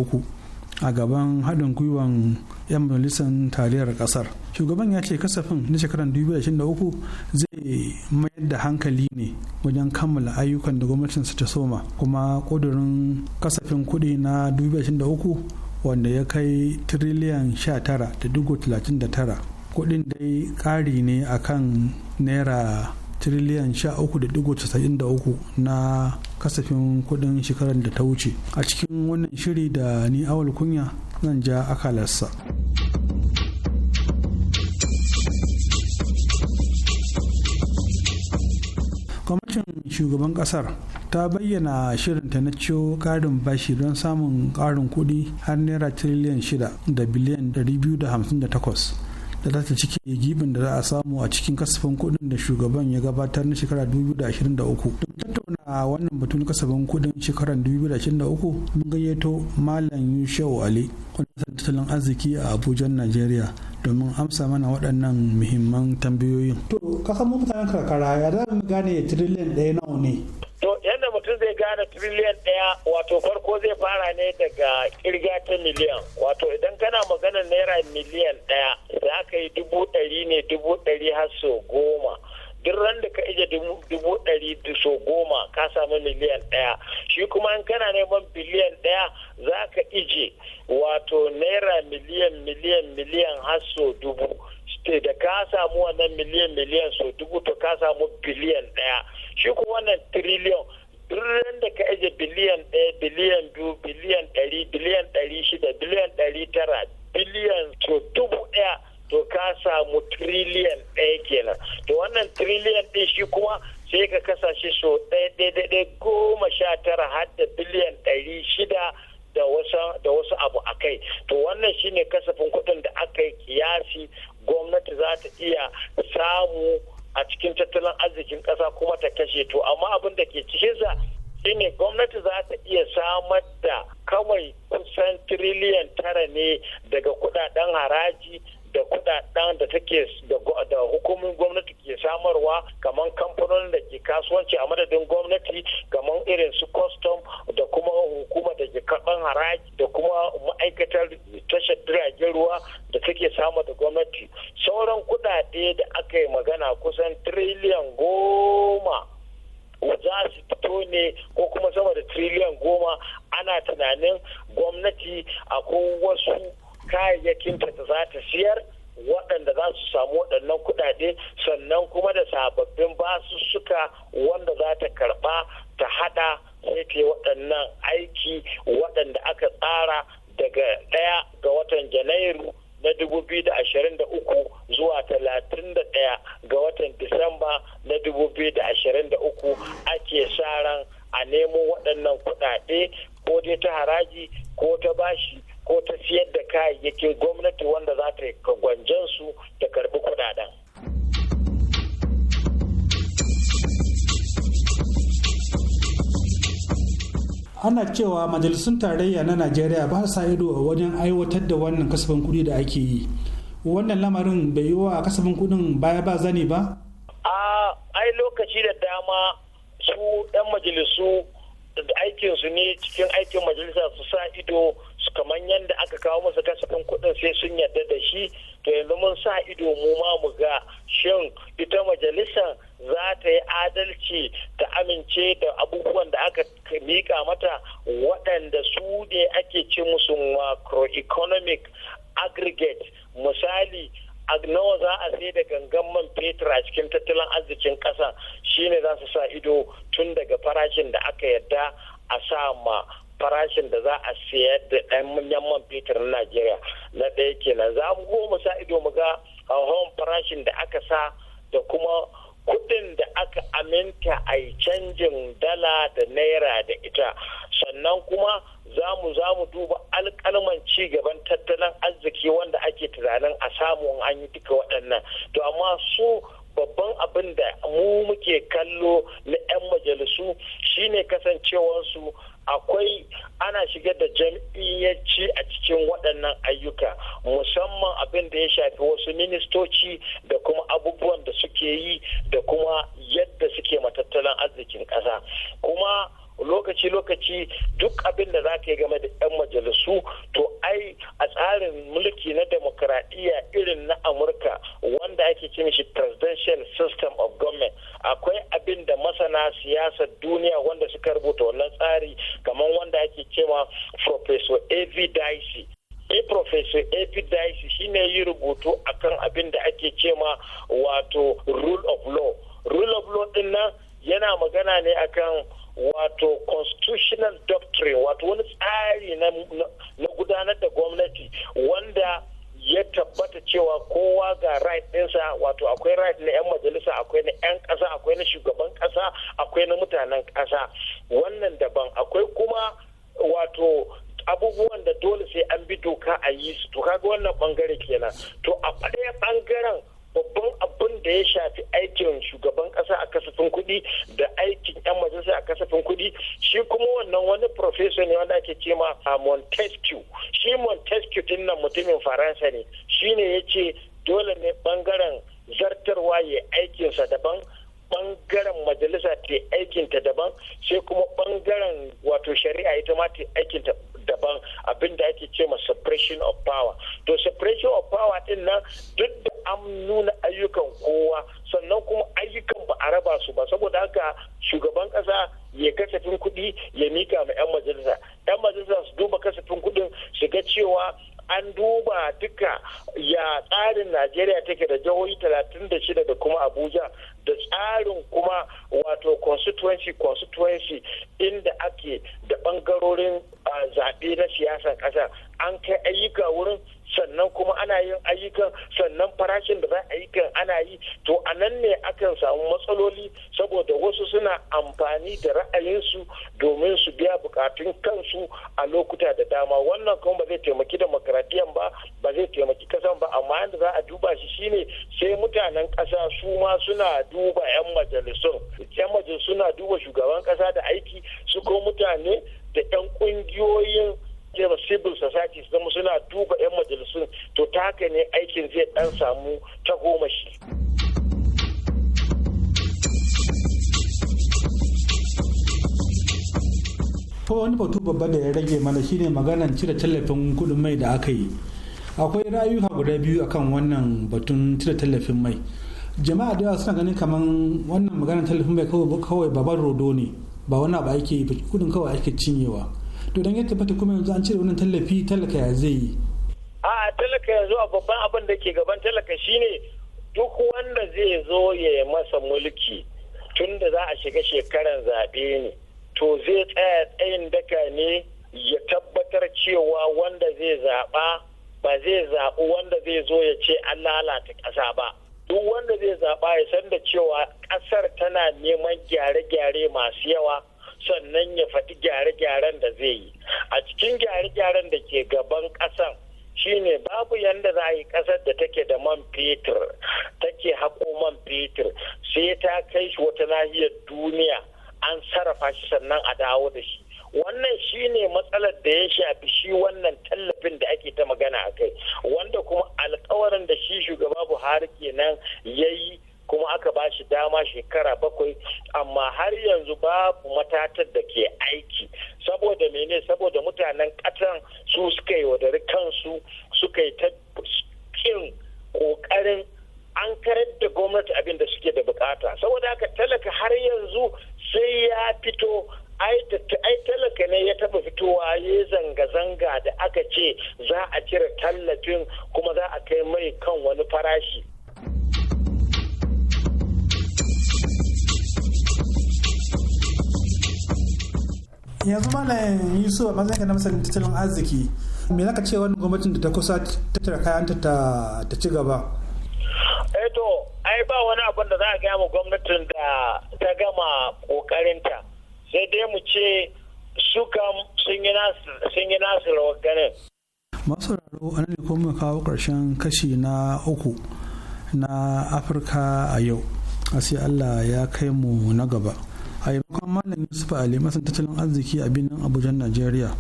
a gaban haɗin gwiwan 'yan majalisar taliyar kasar shugaban ya ce kasafin na shekarar 2023 zai mayar da hankali ne wajen kammala ayyukan da gwamnatinsa ta soma kuma kudurin kasafin kudi na 2023 wanda ya kai tiriliyan 19.39 kudin dai kari ne akan naira tiriliyan 13.93 na kasafin kudin shekarar da ta wuce a cikin wannan shiri da ni awal kunya nan ja akalarsa gwamnatin shugaban kasar ta bayyana shirinta na ciyo karin bashi don samun karin kudi har naira tiriliyan shida da biliyan 258 da za ta cike gibin da za a samu a cikin kasafin kuɗin da shugaban ya gabatar na shekara 2023 duk tattauna wannan batun kasafin kuɗin shekarar 2023 mun gayyato malam yushau ali wani tattalin arziki a abuja najeriya domin amsa mana waɗannan muhimman tambayoyin. to kasan mutanen karkara ya za mu gane tiriliyan ɗaya nawa ne. to mutum zai gane triliyan ɗaya wato farko zai fara ne daga kirga ta miliyan wato idan kana magana naira miliyan ɗaya za ka yi dubu ɗari ne dubu ɗari har so goma duk ran da ka ije dubu ɗari so goma ka samu miliyan ɗaya shi kuma in kana neman biliyan ɗaya za ka ije wato naira miliyan miliyan miliyan har so dubu ce da ka samu wannan miliyan miliyan so dubu to ka samu biliyan ɗaya shi kuma wannan triliyan duk da ka aje biliyan ɗaya biliyan biyu biliyan ɗari biliyan ɗari shida biliyan ɗari tara biliyan to dubu ɗaya to ka samu triliyan ɗaya kenan to wannan triliyan ɗin shi kuma sai ka kasashe shi so ɗaya ɗaya goma sha tara har da biliyan ɗari shida da wasu abu a kai to wannan shine kasafin kuɗin da aka yi kiyasi gwamnati za ta iya samu a cikin tattalin arzikin ƙasa kuma ta kashe to amma abin da ke cikinsa shine gwamnati za ta iya samar da kawai kusan tiriliyan tara ne daga kudaden haraji da kudaden da take da hukumin gwamnati ke samarwa kamar kamfanonin da ke kasuwanci a madadin gwamnati kamar irin su custom da kuma hukuma da ke karban haraji da kuma ma'aikatar tashar jiragen ruwa da take samar da gwamnati sauran kudade da aka yi magana kusan tiriliyan goma za su fito ne ko kuma sama da triliyan goma ana tunanin gwamnati akwai wasu kayayyakinta da za ta siyar waɗanda za su samu waɗannan kuɗaɗe sannan kuma da sababbin basussuka wanda za ta karɓa ta haɗa sai ta waɗannan aiki waɗanda aka tsara daga ɗaya ga watan janairu na 2023 zuwa 31 ga watan disamba na 2023 ake sa ran a nemo waɗannan kuɗaɗe ko dai ta haraji ko ta bashi ko ta siyar da kayayyakin gwamnati wanda za ta yi gwanjan su ta karbi kudaden. ana cewa majalisun tarayya na najeriya ba sa ido a wajen aiwatar da wannan kasafin kuɗi da ake yi wannan lamarin bai yi wa kasafin kuɗin baya ba zani ba a ai lokaci da dama su 'yan majalisu aikinsu ne cikin aikin majalisa su sa ido kamar yadda aka kawo masa kasafin kuɗin sai sun yarda da shi to yanzu mun sa ido mu ma mu ga shin ita majalisar za ta yi adalci ta amince da abubuwan da aka mika mata waɗanda su ne ake ce musu macroeconomic aggregate misali a nawa za a sai da gangan man fetur a cikin tattalin arzikin ƙasa shine za su sa ido tun daga farashin da aka yadda a sa ma farashin da za a siyar da ɗan manyan man fetur na Najeriya na ɗaya kenan za mu go mu sa ido mu ga hawan farashin da aka sa da kuma kuɗin da aka aminta a yi canjin dala da naira da ita sannan kuma za mu za mu duba alƙalman ci gaban tattalin arziki wanda ake tunanin a samu an yi duka waɗannan to amma su babban abin da mu muke kallo na 'yan majalisu shine kasancewarsu akwai ana shigar da jam'iyyaci a cikin waɗannan ayyuka musamman abin da ya shafi wasu ministoci da kuma abubuwan da suke yi da kuma yadda suke matattalin arzikin ƙasa kuma lokaci-lokaci duk abin da za ka yi game da 'yan majalisu to ai a tsarin mulki na demokradiyya irin na amurka wanda ake cin shi presidential system of government akwai abin da masana siyasar duniya wanda suka rubuta wannan tsari kamar wanda ake cewa professor A.V. dicey a eh, professor av dicey shine yi rubutu akan abin da ake cewa wato rule of law rule of law din nan yana magana ne akan wato constitutional doctrine wato wani tsari na gudanar da gwamnati wanda ya tabbata cewa kowa ga right ɗinsa wato akwai right na 'yan majalisa akwai na 'yan ƙasa akwai na shugaban ƙasa akwai na mutanen ƙasa wannan daban akwai kuma wato abubuwan da dole sai an bi doka a yi su to kaga wannan bangare kenan to a ɗaya bangaren babban abin da ya shafi aikin shugaban kasa a kasafin kuɗi da aikin 'yan majalisa a kasafin kuɗi shi kuma wannan wani professor ne wanda ake cema a montesquieu shi montesquieu din nan mutumin faransa ne shi ne ya ce dole ne bangaren zartarwa ya aikinsa daban bangaren majalisa ta aikinta daban sai kuma bangaren wato shari'a ita ma ta aikinta daban abin da ake ce ma suppression of power to suppression of power din nan duk da an nuna ayyukan kowa sannan kuma ayyukan ba a raba su ba saboda haka shugaban kasa ya kasafin kuɗi ya mika ma 'yan majalisa 'yan majalisa su duba kasafin kuɗin su ga cewa an duba duka ya tsarin najeriya take da jihohi 36 da kuma abuja da tsarin kuma wato constituency constituency inda ake da bangarorin ah, zaɓe na siyasar ƙasa an kai ayyuka wurin sannan kuma ana yin ayyukan sannan farashin da za a yi kan ana yi to a nan ne akan samu matsaloli saboda wasu suna amfani da ra'ayinsu domin su biya bukatun kansu a lokuta da dama wannan kuma ba zai taimaki demokaradiyan ba ba zai taimaki kasan ba amma yadda za a duba shi shine sai mutanen kasa su ma suna duba 'yan majalisun 'yan majalisun suna duba shugaban kasa da aiki su ko mutane da 'yan kungiyoyin cewa civil society su zama suna duba 'yan majalisun to ta haka ne aikin zai dan samu ta goma shi. fa wani batu babba da ya rage mana shine maganan cire tallafin kudin mai da aka yi akwai rayuka guda biyu akan wannan batun cire tallafin mai jama'a da yawa suna ganin kamar wannan maganan tallafin mai kawai babar rodo ne ba wani abu ake kudin kawai ake cinyewa to yadda ya tabbata kuma yanzu an cire wannan tallafi talaka ya zai yi a talaka yanzu a babban abin da ke gaban talaka shine duk wanda zai zo ya masa mulki tun da za a shiga shekaran zaɓe ne to zai tsaya tsayin daka ne ya tabbatar cewa wanda zai zaɓa ba zai zaɓi wanda zai zo ya ce an lalata ƙasa ba duk wanda zai zaɓa ya san da cewa ƙasar tana neman gyare-gyare masu yawa sannan ya faɗi gyare-gyaren da zai yi a cikin gyare-gyaren da ke gaban ƙasan shine babu yadda za a yi ƙasar da take da man fetur take haƙo man fetur sai ta kai shi wata nahiyar duniya an sarrafa shi sannan a dawo da shi wannan shine matsalar da ya shafi shi wannan tallafin da ake ta magana a kai wanda kuma alkawarin da shi shugaba buhari kenan ya yi kuma aka ba shi dama shekara bakwai amma har yanzu babu matatar da ke aiki saboda mene saboda mutanen ƙasan su suka yi wadari kansu suka yi ta cikin ƙoƙarin an karar da gwamnati abin da suke da bukata saboda aka talaka har yanzu sai ya fito ai talaka ne ya taba fitowa ya zanga-zanga da aka ce za a cire tallafin kuma za a kai mai kan wani farashi yanzu malam yusu a matsayin ka na masanin tattalin arziki me zaka ce wani gwamnatin da ta kusa tattara kayanta ta ci gaba eto eh to ai ba wani abun da za a gaya ma gwamnatin da ta gama kokarinta sai dai mu ce su kam sun yi nasu rawar ganin masu raro an ne kuma kawo karshen kashi na uku na afirka a yau a sai allah ya kai mu na gaba a yamakon malam yusuf ali masan tattalin arziki a birnin abuja najeriya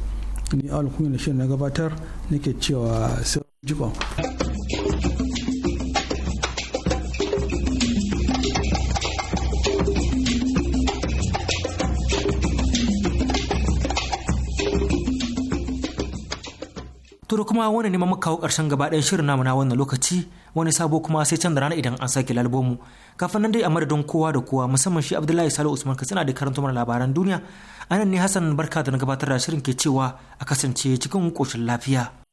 ni alkuyi na shirin na gabatar nake cewa sai jikon To kuma wani neman muka kawo ƙarshen gaba ɗayan shirin namu na wannan lokaci wani sabo kuma sai can da rana idan an sake lalbomu. Kafin nan dai a madadin kowa da kowa musamman shi Abdullahi Salo Usman tsina da karanta mana labaran duniya. Anan ne Hassan barka da na gabatar da shirin ke cewa a kasance cikin koshin lafiya.